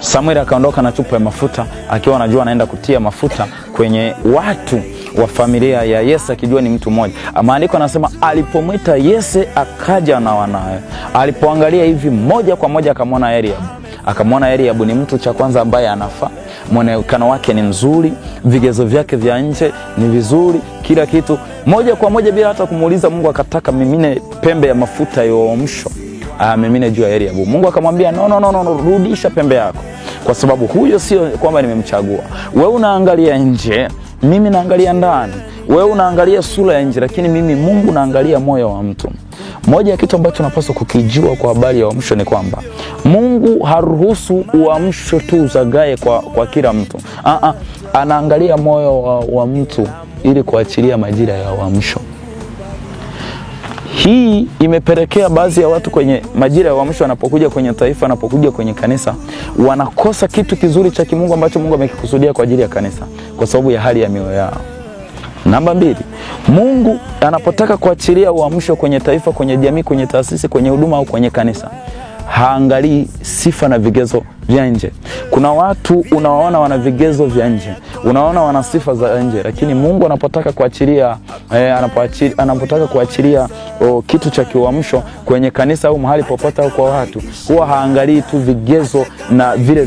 samuel akaondoka na chupa ya mafuta akiwa anajua anaenda kutia mafuta kwenye watu wa familia ya Yese akijua ni mtu mmoja. Maandiko anasema alipomwita Yese akaja na wanawe, alipoangalia hivi moja kwa moja akamwona Eliabu, akamwona Eliabu ni mtu cha kwanza ambaye anafaa, mwonekano wake ni mzuri, vigezo vyake vya nje ni vizuri, kila kitu moja kwa moja bila hata kumuuliza Mungu akataka mimine pembe ya mafuta yoamshwa Ah, mimi najua ya Mungu akamwambia no, no, no, no, rudisha pembe yako, kwa sababu huyo sio kwamba nimemchagua wewe. Unaangalia nje, mimi naangalia ndani. Wewe unaangalia sura ya nje, lakini mimi Mungu naangalia moyo wa mtu. Moja ya kitu ambacho tunapaswa kukijua kwa habari ya uamsho ni kwamba Mungu haruhusu uamsho tu uzagae kwa, kwa kila mtu. Aa, ah, ah, anaangalia moyo wa, wa mtu ili kuachilia majira ya uamsho. Hii imepelekea baadhi ya watu kwenye majira ya uamsho, wanapokuja kwenye taifa, wanapokuja kwenye kanisa, wanakosa kitu kizuri cha kimungu ambacho Mungu amekikusudia kwa ajili ya kanisa, kwa sababu ya hali ya mioyo yao. Namba mbili, Mungu anapotaka kuachilia uamsho kwenye taifa, kwenye jamii, kwenye taasisi, kwenye huduma au kwenye kanisa, haangalii sifa na vigezo vya nje. Kuna watu unawaona wana vigezo vya nje, unaona wana sifa za nje, lakini Mungu anapotaka kuachilia eh, anapotaka kuachilia oh, kitu cha kiuamsho kwenye kanisa au mahali popote au kwa watu, huwa haangalii tu vigezo na vile